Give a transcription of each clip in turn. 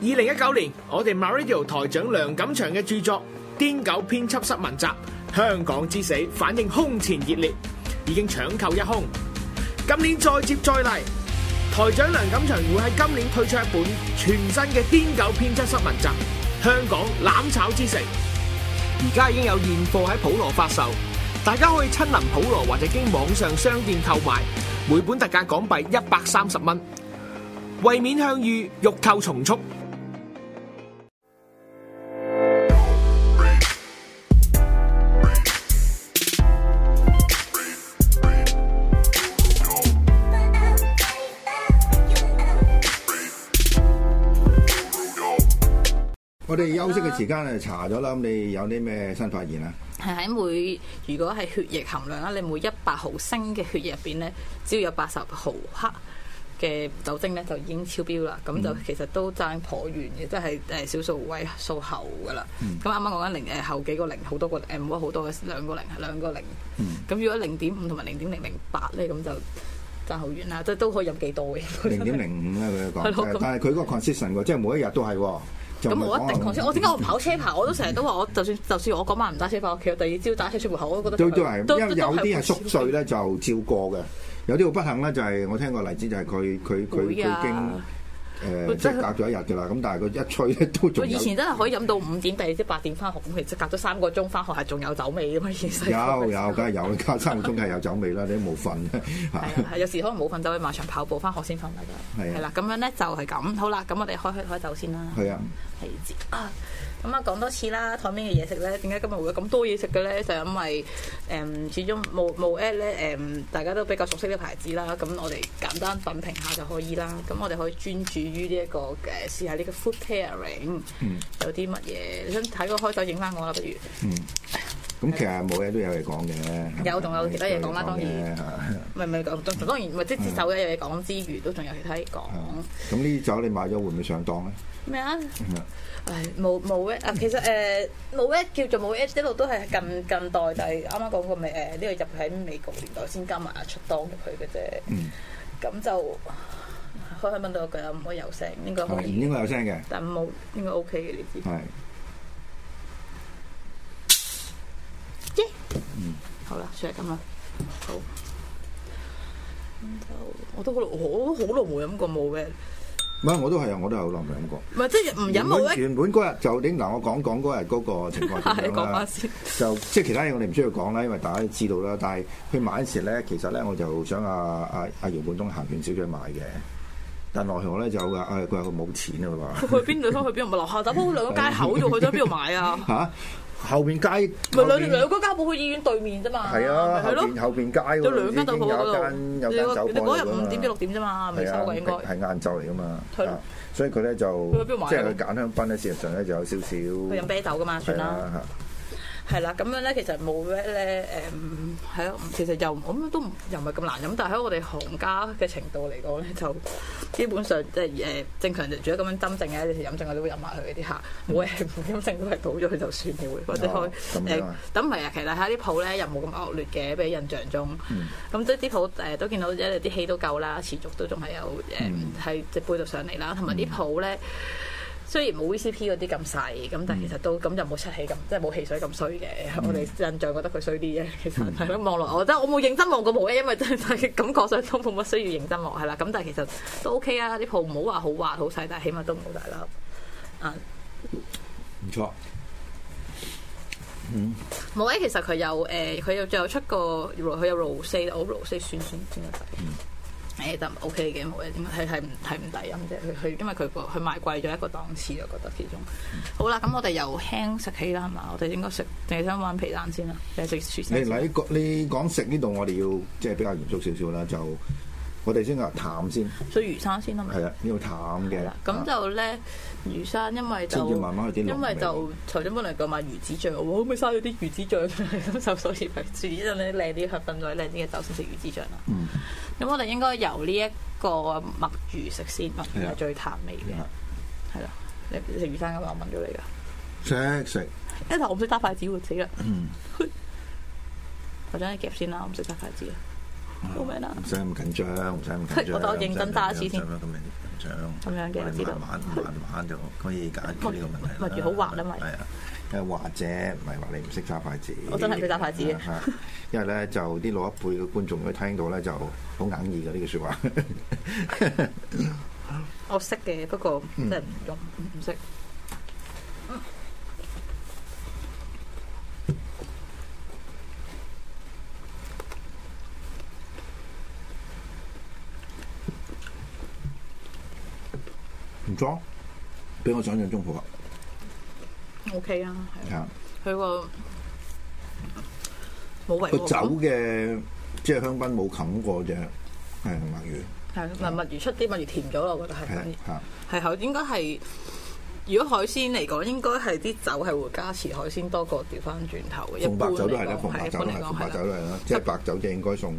2019年我哋 MyRadio 台長梁錦祥嘅著作《癲狗編輯室文集：香港之死》反應空前熱烈，已經搶購一空。今年再接再厲，台長梁錦祥會喺今年推出一本全新嘅《癲狗編輯室文集：香港攬炒之城》。而家已經有現貨喺普羅發售，大家可以親臨普羅或者經網上商店購買，每本特價港幣一百三十蚊。為免向隅，欲購從速。我哋休息嘅時間啊，查咗啦。咁你有啲咩新發現啊？係喺每如果係血液含量啦，你每一百毫升嘅血液入邊咧，只要有八十毫克嘅酒精咧，就已經超標啦。咁就其實都爭頗遠嘅，即係誒少數位數後噶啦。咁啱啱講緊零誒後幾個零，好多個誒唔好好多兩個零，兩個零。咁如果零點五同埋零點零零八咧，咁就爭好遠啦。即係都可以飲幾多嘅？零點零五啦，佢講嘅，但係佢嗰個 consistence 喎，即係每一日都係喎。咁我一定狂車！ 我點解我跑車跑？我都成日都話我就，就算就算我嗰晚唔揸車返屋企，我第二朝打車出門口，我都覺得、就是。都都係，因為有啲係縮碎咧就照過嘅，有啲好不幸咧就係、是、我聽過例子就係佢佢佢佢經。誒、呃、即係隔咗一日嘅啦，咁但係佢一吹都仲。以前真係可以飲到五點，第二即八點翻學，咁其實隔咗三個鐘翻學係仲有酒味嘅嘛，其實。有有梗係有，隔三個鐘梗係有酒味啦， 你都冇瞓。有時可能冇瞓就去馬場跑步，翻學先瞓。嚟㗎。係啊，啦、啊，咁樣咧就係咁，好啦，咁我哋開開開酒先啦。係啊，係啊。咁啊，講多次啦，台面嘅嘢食咧，點解今日會有咁多嘢食嘅咧？就係、因為誒、嗯，始終冇無 at 咧，誒、嗯、大家都比較熟悉啲牌子啦。咁我哋簡單品評下就可以啦。咁我哋可以專注於呢、這個嗯、一個誒，試下呢個 food pairing 有啲乜嘢？你想睇個開頭影翻我啦，不如？嗯咁其實冇嘢都有嘢講嘅，有仲有其他嘢講啦，當然，唔係唔係講當然，或者接手都有嘢講之餘，都仲有其他嘢講。咁呢隻酒你買咗會唔會上當咧？咩啊？唉，冇冇嘅啊，其實誒冇嘅叫做冇嘅，一路都係近近代，就係啱啱講過咪誒呢個入喺美國年代先加埋出當入去嘅啫。嗯。咁就開開問到佢有冇有聲，應該可以，應該有聲嘅，但冇應該 OK 嘅，你知。係。好啦，出係咁啦。好，我都好，我好耐冇飲過冇嘅。唔係，我都係啊，我都係好耐冇飲過。唔係，即係唔飲冇。原本嗰日就點嗱？我講講嗰日嗰個情況先啦。就即係其他嘢我哋唔需要講啦，因為大家都知道啦。但係去買嗰時咧，其實咧我就想阿阿姚本冠行完小姐去買嘅。但奈何咧就啊，佢話佢冇錢啊。佢去邊度？去邊？唔係樓下打波兩個街口啫 的，去咗邊度買啊？吓？ 後面街咪兩兩間家冇去醫院對面啫嘛，係啊，後邊後邊街嗰度，兩間就咁咯。你嗰日五點至六點啫嘛，咪收嘅應該係晏晝嚟噶嘛，所以佢咧就即係佢揀香檳咧，事實上咧就有少少。佢飲啤酒㗎嘛，算啦。係啦，咁樣咧其實冇咩咧誒，係、嗯、咯，其實又咁都又唔係咁難飲，但喺我哋行家嘅程度嚟講咧，就基本上即係誒正常就如果咁樣斟剩嘅，有時飲剩我都會飲埋佢嗰啲嚇，冇嘅唔飲剩都係倒咗佢就算嘅會，哦、或者開誒，咁唔啊、呃、啊，其實嚇啲泡咧又冇咁惡劣嘅，俾印象中，咁即係啲泡誒都見到有啲氣都夠啦，持續都仲係有誒喺隻杯度上嚟啦，同埋啲泡咧。雖然冇 VCP 嗰啲咁細，咁、嗯、但係其實都咁就冇出氣咁，即係冇汽水咁衰嘅。嗯、我哋印象覺得佢衰啲嘅，其實。望落、嗯、 我真，我冇認真望過鋪 A，因為真係感覺上都冇乜需要認真望，係啦。咁但係其實都 OK 啊，啲鋪唔好話好滑好細，但係起碼都唔好大粒。啊，唔錯。嗯。冇咧，其實佢有誒，佢、呃、有仲有出個，原來佢有 Rosé，我 Rosé 算算住。嗯。誒得 O K 嘅，冇嘢點啊，睇唔睇唔抵咁，即係佢，佢因為佢，佢賣貴咗一個檔次，我覺得其中。好啦，咁我哋由輕食起啦，係嘛？我哋應該食定係想玩皮蛋先啦，定係食薯片？先你講你講食呢度我哋要即係比較嚴肅少少啦就。我哋先由淡先，所以魚生先啊嘛。係、嗯啊啊、呢要淡嘅。咁就咧，魚生因為就問問因為就頭先本嚟講買魚子醬，我可唔可以嘥咗啲魚子醬咁就所以味？所以咧靚啲係分在靚啲嘅酒先食魚子醬啦、啊。咁、嗯、我哋應該由呢一個墨魚食先，墨魚係最淡味嘅，係啦、啊啊啊。食魚生嘅話，問咗你噶，食？食？一頭我唔識揸筷子喎，死啦、嗯！我將佢夾先啦，我唔識揸筷子。做咩啦，唔使咁緊張，唔使咁緊張。 我都我認真打一次先。咁樣咁樣嘅慢慢玩 就可以解決呢個問題啦。或者唔係話你唔識揸筷子？ 我真係唔識揸筷子 因為咧就啲老一輩嘅觀眾都果聽到咧就好硬熱嘅呢句説話。 我識嘅，不過真係唔用唔識。 裝，比我想象中好啊！O K 啊，係啊，佢個冇個酒嘅即係香檳冇冚過啫，係墨魚，係嗱墨魚出啲，墨魚甜咗咯，我覺得係，係係海應該係，如果海鮮嚟講，應該係啲酒係會加持海鮮多過調翻轉頭嘅。送白酒都係啦，送白酒都係，送白酒都係啦，即係白酒就係應該送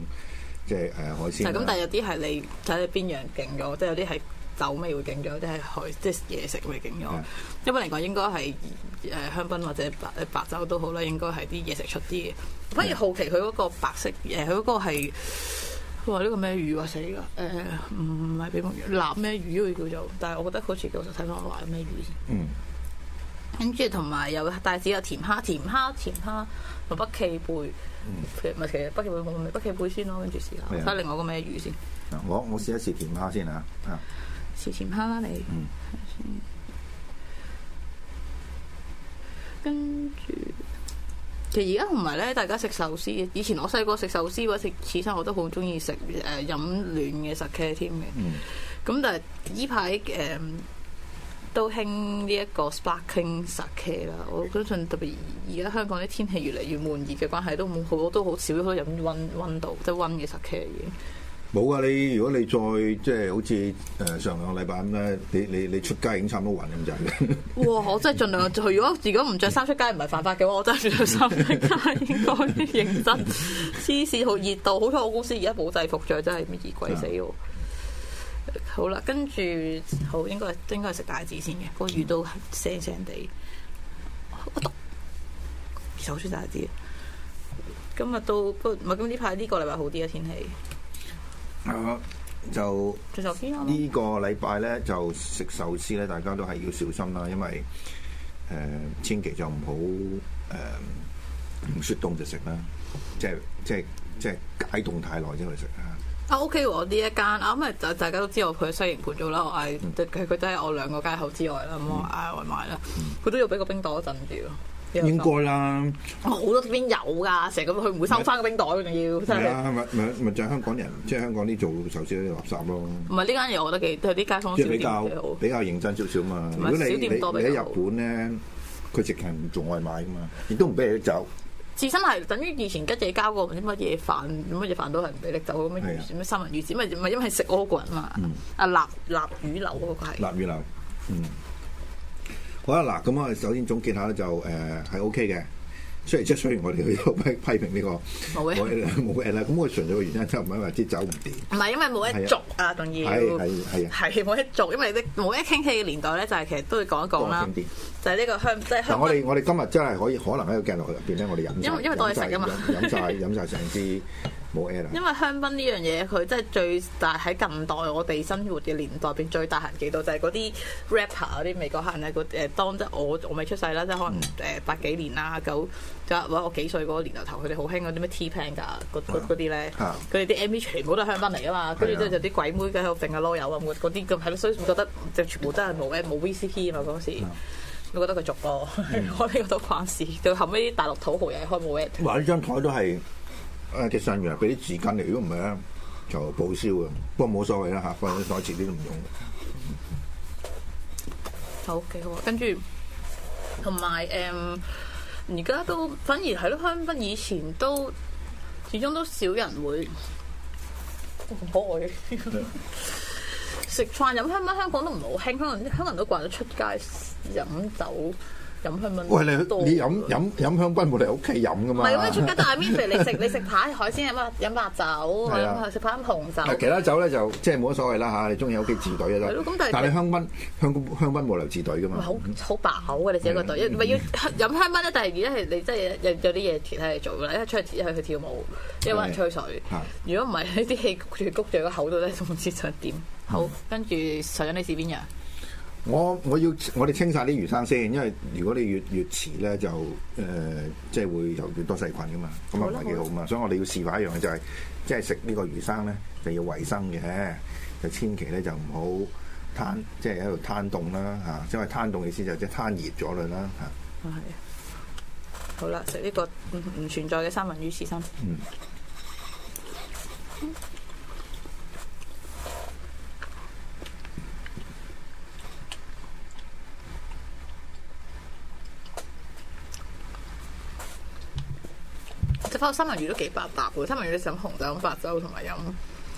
即係誒海鮮。咁，但係有啲係你睇你邊樣勁咗，即係有啲係。酒味會勁咗，即係海即係嘢食味勁咗。一般嚟講應該係誒香檳或者白白酒都好啦，應該係啲嘢食出啲嘅。反而好奇佢嗰個白色誒，佢嗰個係佢話呢個咩魚啊？死、嗯、啦！誒唔係比目魚，鰻咩魚佢叫做？但係我覺得好似幾好食，睇翻我話咩魚先。跟住同埋有帶子有甜蝦，甜蝦甜蝦，北寄貝其實、嗯、北寄貝北寄貝先咯。跟住試下睇下另外個咩魚先。我我試一試甜蝦先啊。事前蝦啦，你？跟住，嗯，其實而家唔係咧，大家食壽司。以前我細個食壽司或者食刺身，我都好中意食誒飲暖嘅 sake 添嘅。咁但係呢排誒都興呢一個 sparkling sake 啦。我相信特別而家香港啲天氣越嚟越悶熱嘅關係，都好多都好少可以飲溫溫度即係溫嘅 sake 嘢。就是冇啊！你如果你再即係好似誒上兩個禮拜咁咧，你你你出街已經差唔多暈咁滯。哇！我真係盡量，就 如果自己唔着衫出街唔係犯法嘅話，我真係着衫出街應該認真。黐線好熱到，好彩我公司而家冇制服熱熱、啊、着，真係熱鬼死。好啦，跟住好應該應該食帶子先嘅，個魚都腥腥地，好、哦、毒！手出帶子。今日都唔係咁呢排呢個禮拜好啲啊天氣。係、呃、就呢個禮拜咧就食壽司咧，大家都係要小心啦，因為誒、呃、千祈就唔好誒唔雪凍就食啦，即係即係即係解凍太耐先去食啊。Okay, 啊 OK 喎，呢一間啊，因為就大家都知道我去西營盤做啦，我嗌佢佢都喺我兩個街口之外啦，咁、嗯嗯、我嗌外賣啦，佢、嗯、都要俾個冰袋一陣先。應該啦，我好多邊有㗎，成日咁佢唔會收翻個冰袋㗎，仲要。係啊，咪咪咪就係香港人，即係香港啲做壽司啲垃圾咯。唔係呢間嘢，我覺得幾，對啲街坊少少比較比較認真少少嘛。如果你你喺日本咧，佢直情唔做外賣㗎嘛，亦都唔俾你走。自身係等於以前吉野家嗰個唔知乜嘢飯，乜嘢飯都係唔俾拎走咁樣，咩三文魚子咪咪因為食蝸牛啊嘛。嗯，啊臘臘魚柳嗰個係。臘魚柳，嗯。好啦，嗱，咁我哋首先總結下咧，就誒係、呃、OK 嘅，雖然即係雖然我哋去批批評呢、呢個冇嘅，冇啦的，咁佢純粹個原因就唔係因為啲酒唔掂，唔係因為冇得續啊，仲、啊、要係係係冇得續，因為啲冇得傾氣傾偈嘅年代咧，就係其實都會講一講啦，就係呢個香即係。嗱，我哋我哋今日真係可以可能喺個鏡落去入邊咧，因為因為我哋多嘢食㗎嘛，飲曬飲曬成支。因為香檳呢樣嘢，佢真係最大喺近代我哋生活嘅年代入邊最大行幾多，就係、是、嗰啲 rapper 嗰啲美國客人咧，嗰誒當即我我未出世啦，即係可能誒八幾年啦，九或者我幾歲嗰年頭頭，佢哋好興嗰啲咩 T-Pain 噶，嗰啲咧，佢哋啲 MV 全部都係香檳嚟啊嘛，跟住就啲鬼妹咁喺度整下攞油啊，嗰嗰啲咁，係咯，所以覺得就全部真係冇 air 冇 VCP 啊嘛，嗰時我、啊、覺得佢俗多，我覺得都關事。到 後尾啲大陸土豪又開冇 air。哇！呢張台都係～啊！借信用，俾啲紙巾嚟，如果唔係咧，就報銷嘅。不過冇所謂啦嚇，放喺袋，遲啲都唔用。就幾好，跟住同埋誒，而家、嗯、都反而喺咯，香檳以前都始終都少人會開。食飯飲香檳，香港都唔係好興，香港香港人都慣咗出街飲酒。飲香檳，餵你去你飲飲飲香檳冇嚟屋企飲噶嘛？唔係咁啊！出街都係，譬如你食你食排海鮮飲啊飲白酒，係啊食排飲紅酒。其他酒咧就即係冇乜所謂啦嚇，你中意屋企自隊啊都。咁但係但香檳香香檳冇嚟自隊噶嘛？好好白口嘅你自己個隊，唔係的要飲香檳咧。但係而家係你真係有有啲嘢其喺嘢做啦，一出去即係去跳舞，又揾人吹水。的的如果唔係啲氣焗住焗住個口度咧，都唔知想點。好，好跟住隨後你試邊樣？我我要我哋清晒啲魚生先，因為如果你越越遲咧就誒、呃，即係會有越多細菌噶嘛，咁啊唔係幾好嘛，好的所以我哋要示範一樣就係、是、即係食呢個魚生咧，就要衞生嘅，就千祈咧就唔好攤，嗯、即係喺度攤凍啦即因為攤凍嘅意思就即係攤熱咗佢啦嚇。啊、哦、好啦，食呢個唔唔存在嘅三文魚刺身。嗯。三文魚都幾百搭嘅，三文魚你飲紅酒、飲白酒同埋飲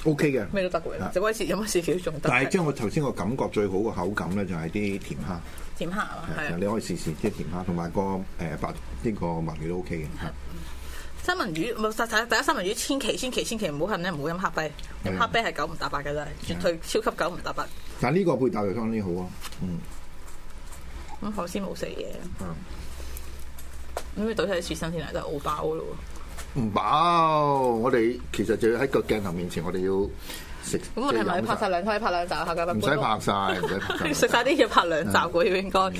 O K 嘅，咩都得嘅，就威士飲威士忌都仲得。但係即係我頭先個感覺最好嘅口感咧，就係啲甜蝦，甜蝦係你可以試試即係甜蝦，同埋個誒白呢個墨魚都 O K 嘅。三文魚唔係，第一第一三文魚千祈千祈千祈唔好恨咧，唔好飲黑啤，黑啤係九唔搭八嘅啦，絕對超級九唔搭八。但係呢個配搭就相當之好啊，嗯。咁頭先冇食嘢，咁你倒出啲雪生鮮嚟都好飽咯。唔飽，我哋其實就要喺個鏡頭面前我，我哋要食即係飲。咁問題係拍曬兩開，拍兩集嚇㗎啦。唔使拍曬，食晒啲嘢拍兩集喎，嗯、應該。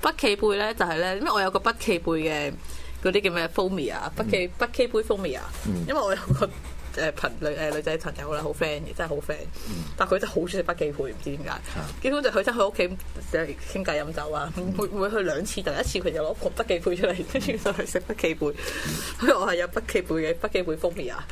北企背咧就係、是、咧，咩？我有個北企背嘅嗰啲叫咩？Fomia a 北企北企杯 Fomia，a 因為我有個。誒朋、呃、女誒、呃、女仔朋友啦，好 friend 嘅，真係好 friend。但佢真係好中意北極貝，唔知點解。基本就佢真係去屋企成日傾偈飲酒啊，會會去兩次，第一次佢就攞個北極貝出嚟，跟住就去食北極貝。因為我係有北極貝嘅北極貝風味啊，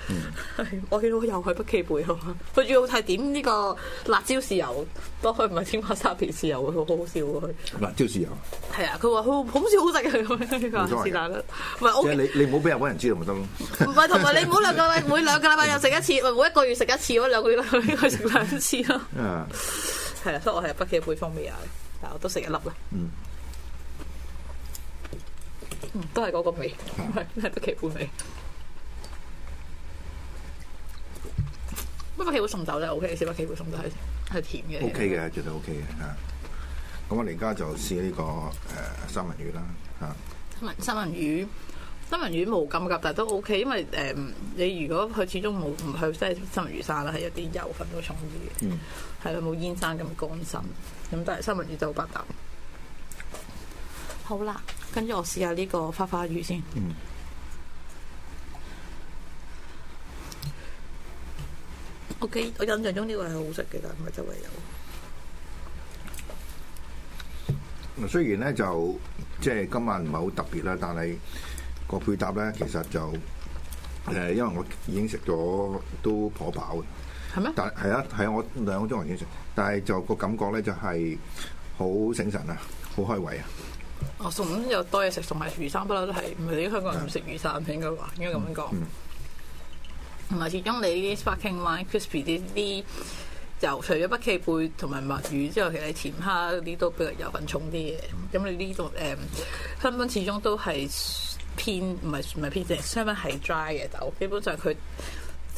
我見到又係北極貝啊嘛。佢最好睇點呢個辣椒豉油，當佢唔係天麻沙皮豉油啊，他他好好、嗯、笑啊佢。辣椒豉油係啊，佢話好好似好食啊。唔 okay 錯，唔係你你唔好俾日本人知道咪得咯。唔係同埋你唔好兩個，每兩個。禮拜又食一次，我每一個月食一次咯，兩個月去食兩次咯。啊，係啊，所以我係北企配方味嘅，但係我都食一粒啦。嗯，都係嗰個味，係北企配方味。北企會送酒咧，O K，小北企會送酒係係甜嘅。O K 嘅，絕對 O K 嘅吓。咁我而家就試呢個誒三文魚啦吓。三文三文魚。三文魚冇咁夾，但係都 O K，因為誒、嗯，你如果佢始終冇唔係即係三文魚、嗯、生啦，係一啲油份都重啲嘅，係啦，冇煙生咁乾身，咁但係三文魚就好百搭。好啦，跟住我試下呢個花花魚先。嗯、OK，我印象中呢個係好食嘅，但係唔係周圍有。雖然咧就即係、就是、今晚唔係好特別啦，但係。個配搭咧，其實就誒，因為我已經食咗都頗飽嘅，係咩嗎？但係啊，係、啊、我兩個鐘頭已經食，但係就個感覺咧，就係好醒神啊，好開胃啊。哦，餸又多嘢食，餸埋魚生不嬲都係唔係啲香港人唔食魚生先嘅話，的應該咁樣講。同埋、嗯、始終你啲 sparking wine crispy 啲啲油，除咗北寄貝同埋墨魚之外，其實甜蝦嗰啲都比較油份重啲嘅。咁、嗯、你呢度誒，香、嗯、檳始終都係。偏唔係唔係偏正，香檳係 dry 嘅酒，基本上佢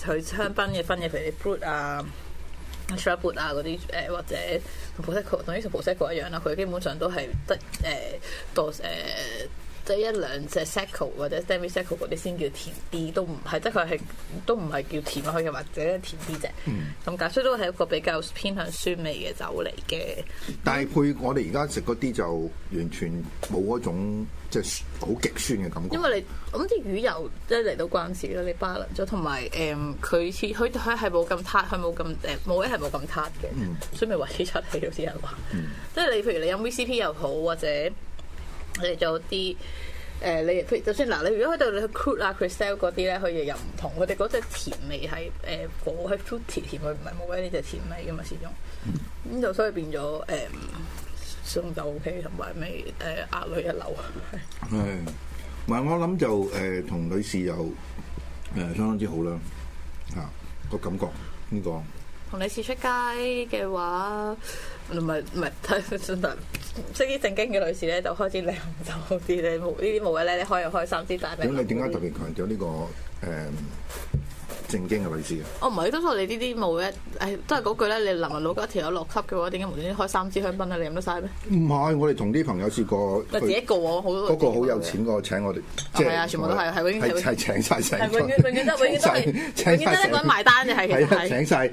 佢香檳嘅分嘅，譬如 fruit 啊 straw fruit 啊嗰啲誒，或者葡萄，等於同葡萄一樣啦，佢基本上都係得誒、呃、多誒。呃即一兩隻 Sec 或者 Demi-Sec 嗰啲先叫甜啲，都唔係，即佢係都唔係叫甜落去嘅，或者甜啲啫咁解。所以都係一個比較偏向酸味嘅酒嚟嘅。但係配我哋而家食嗰啲就完全冇嗰種即係好極酸嘅感覺。因為你咁啲、嗯、魚油即係嚟到關事啦，你平衡咗，同埋誒佢似佢佢係冇咁塌，佢冇咁誒冇一係冇咁塌嘅，所以咪維持出嚟有啲人話，嗯、即係你譬如你飲 VCP 又好或者。我哋做啲誒，你譬如就算嗱，你如果喺度你去 Cruel 啊、Crystal 嗰啲咧，佢哋又唔同，佢哋嗰隻甜味係誒冇係 Fruity 甜，佢唔係冇鬼啲隻甜味噶嘛，始終咁就所以變咗誒，餸、嗯、就 O K，同埋味誒壓裏一流，係、嗯，係、嗯，同埋我諗就誒同、呃、女士又誒相當之好啦，嚇、嗯那個感覺呢、這個。同你士出街嘅話，唔係唔係，真係識啲正經嘅女士咧，就開始靚就好啲，你冇呢啲冇嘅咧，你可以開三支香檳。你咁你點解特別強調呢個誒正經嘅女士啊？我唔係，都係你呢啲冇嘅，誒都係嗰句咧。你臨老，一條友落級嘅話，點解無端端開三支香檳咧？你飲得晒咩？唔係，我哋同啲朋友試過，唔係自己一個。好多嗰個好有錢個請我哋，係啊，全部都係係永遠係係請晒。永遠永遠都永遠都埋單嘅係其實請曬。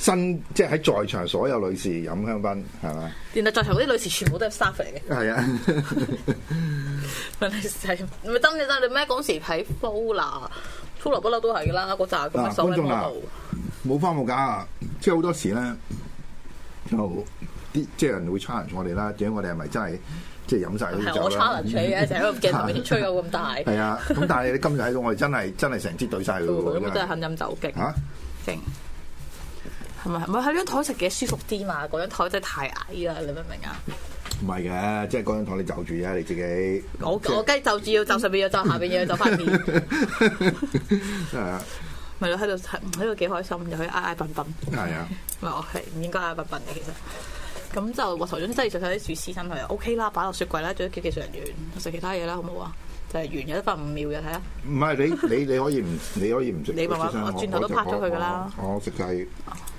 新即係喺在場所有女士飲香檳，係嘛？原來在場嗰啲女士全部都係 staff 嘅。係、er, 那個、啊，哦、是是真係死！咪得 你得你咩？嗰時睇 full 啦 f 不嬲都係嘅啦。嗰扎咁冇花冇假啊！即係好多時咧，即係人會 challenge 我哋啦。點解我哋係咪真係即係飲曬啲酒我 challenge 成日都喺鏡頭面前吹到咁大。係 啊，咁但係你今日喺度，我哋真係真係成支隊晒佢嘅喎。咁真係肯飲酒勁啊！勁！ 係咪？唔係喺張台食嘅舒服啲嘛？嗰張台真係太矮啦！你明唔明啊？唔係嘅，即係嗰張台你就住啫，你自己我即我梗係就住要就上邊嘢，就下邊嘢，就翻面。係啊， 咪咯喺度喺度幾開心，就可以嗌嗌笨笨，係啊，唔係我係唔應該嗌笨笨嘅，其實咁就我頭先真係食晒啲薯絲，真係 O K 啦，擺落雪櫃啦，做啲技術人員食其他嘢啦，好唔好啊？就係完有一分五秒嘅睇啊，唔係你你你可以唔你可以唔你咪話我轉頭都拍咗佢噶啦，我食介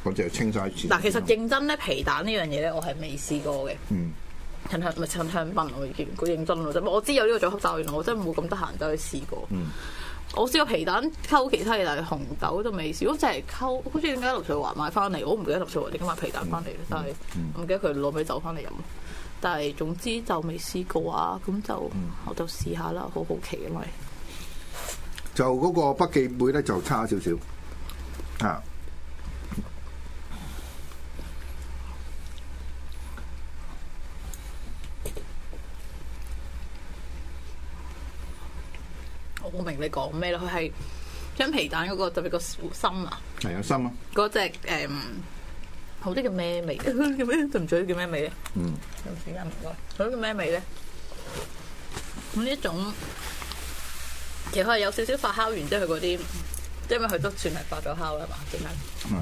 嗰隻係清晒。嗱，其實認真咧皮蛋呢樣嘢咧，我係未試過嘅。嗯。陳香咪陳香檳我：，叫認真咯，我知有呢個組合炸，原來我真係冇咁得閒走去試過。我試過皮蛋溝其他嘢，但係紅豆都未試。我淨係溝，好似點解劉翠華買翻嚟？我唔記得劉翠華拎埋皮蛋翻嚟，但係唔記得佢攞咩酒翻嚟飲。但係總之就未試過啊！咁就我就試下啦，好好奇咪。就嗰個筆記本咧，就差少少。啊。我明你講咩啦。佢係將皮蛋嗰，那個特別個心，心啊，係有心啊。嗰隻誒，好啲叫咩味？叫咩？仲唔知叫咩味咧？嗯，有時間唔該。嗰 啲叫咩味咧？咁呢、嗯、種其實係有少少發酵，完之後佢嗰啲，因為佢都算係發咗酵啦嘛，點解？嗯。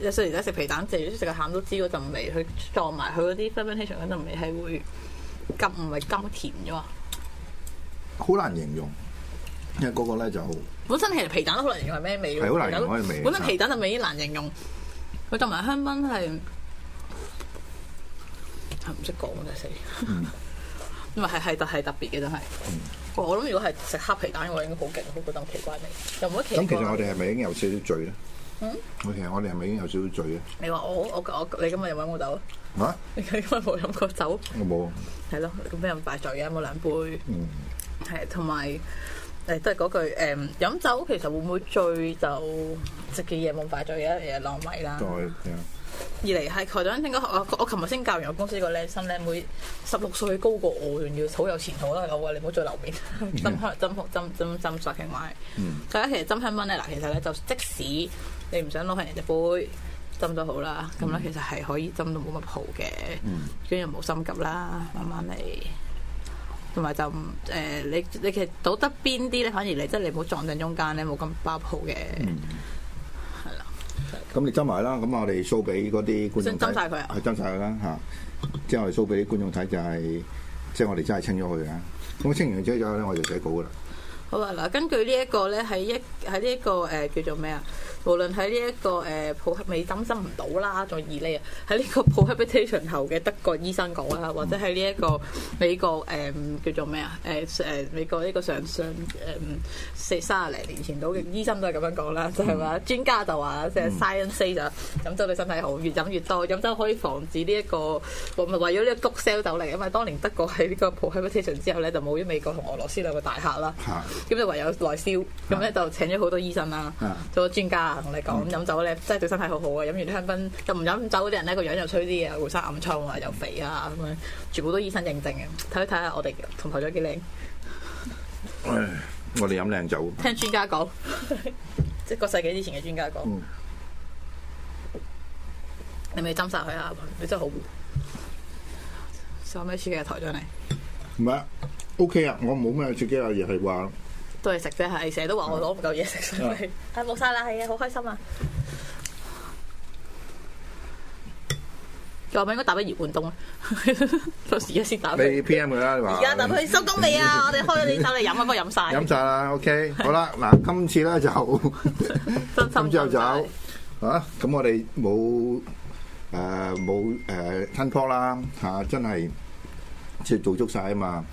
有而家食皮蛋，食完食個餡都知嗰陣味，佢撞埋佢嗰啲 fermentation 嗰陣味係會咁唔係甘甜啫嘛？好難形容。因為嗰個咧就本身其實皮蛋都好難形容係咩味，係好難形容嘅味。本身皮蛋就味難形容，佢同埋香檳係，係唔識講嘅死，唔係係係特特別嘅，真係。我我諗如果係食黑皮蛋，我應該好勁，好覺得好奇怪味，又冇得奇。咁其實我哋係咪已經有少少醉咧？嗯，我其實我哋係咪已經有少少醉咧？你話我我我你今日有冇飲過酒啊？啊？你今日冇飲過酒？我冇。係咯，咁俾人擺醉嘅，有冇兩杯？嗯，係同埋。誒都係嗰句，誒、嗯、飲酒其實會唔會醉，就食嘅嘢冇咁快醉，有一嘢浪費啦。二嚟係頭先聽講，我琴日先教完我公司個靚生靚妹，十六歲高過我，仲要好有前途啦！我話你唔好再流面 Yeah. 斟香檳腹斟斟埋。大家 Yeah. 其實斟香檳咧，嗱其實咧就即使你唔想攞翻人哋隻杯斟都好啦，咁咧、mm. 其實係可以斟到冇乜泡嘅。咁又冇心急啦，慢慢嚟。同埋就唔、呃、你你其實倒得邊啲咧？反而你即係你唔好撞正中間咧，冇咁包鋪嘅，係啦、嗯。咁的你執埋啦。咁我哋 show 俾嗰啲觀眾睇，執曬佢，係執曬佢啦嚇。即係我哋 show 俾啲觀眾睇，就係、是、即係我哋真係清咗佢啊。咁清完之後咧，我就寫稿噶啦。好啦，嗱，根據呢一、這個咧，喺一喺呢一個誒叫做咩啊？無論喺呢一個誒普克美擔心唔到啦，仲二呢？喺呢個 prohibition 後嘅德國醫生講啦，或者喺呢一個美國誒、呃、叫做咩啊？誒、呃、誒美國呢個上上、呃、四十零年前到嘅醫生都係咁樣講啦，就係、是、話專家就話即係 science say 就飲、嗯、酒對身體好，越飲越多，飲酒可以防止呢、這、一個，唔係為咗呢個谷 sell 走嚟。因為當年德國喺呢個 prohibition 之後咧，就冇咗美國同俄羅斯兩個大客啦。嗯。咁就唯有內銷，咁咧就請咗好多醫生啦，啊、做咗專家啊，同你講飲酒咧真係對身體好好啊！飲完香檳，又唔飲酒啲人咧個樣又衰啲啊，又生暗瘡啊，又肥啊，咁樣全部都醫生認證嘅。睇一睇下我哋同台長幾靚。我哋飲靚酒。聽專家講，即係 個世紀之前嘅專家講。嗯、你咪斟殺佢啊？你真係好。收尾處嘅台長你。唔係 o k 啊，okay, 我冇咩處嘅嘢爺係話。都係食啫，係成日都話我攞唔夠嘢食。啊，冇晒啦，係啊，好開心啊！咪應該打俾葉冠東啊，到時而家先打俾 P. M. 佢啦。而家打俾收工未啊？我哋開咗啲酒嚟飲啊，可唔可飲晒？飲晒啦，OK。好啦，嗱，今次咧就今朝有酒啊。咁我哋冇誒冇誒吞坡啦吓，真係即係做足晒啊嘛。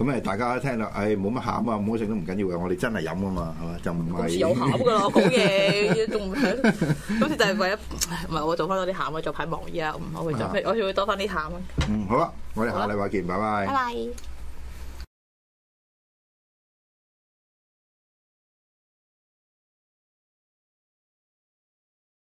咁誒，大家都聽到，誒冇乜餡啊，唔好食都唔緊要嘅，我哋真係飲啊嘛，係嘛，就唔係。 有餡㗎啦，好嘅，都唔係。今次就係為咗，唔、哎、唔係我做翻多啲餡啊，做排忙啲啊，唔好會做，啊、我仲會多翻啲餡啊。嗯，好啦，我哋下禮拜見，好吧 拜拜。拜拜。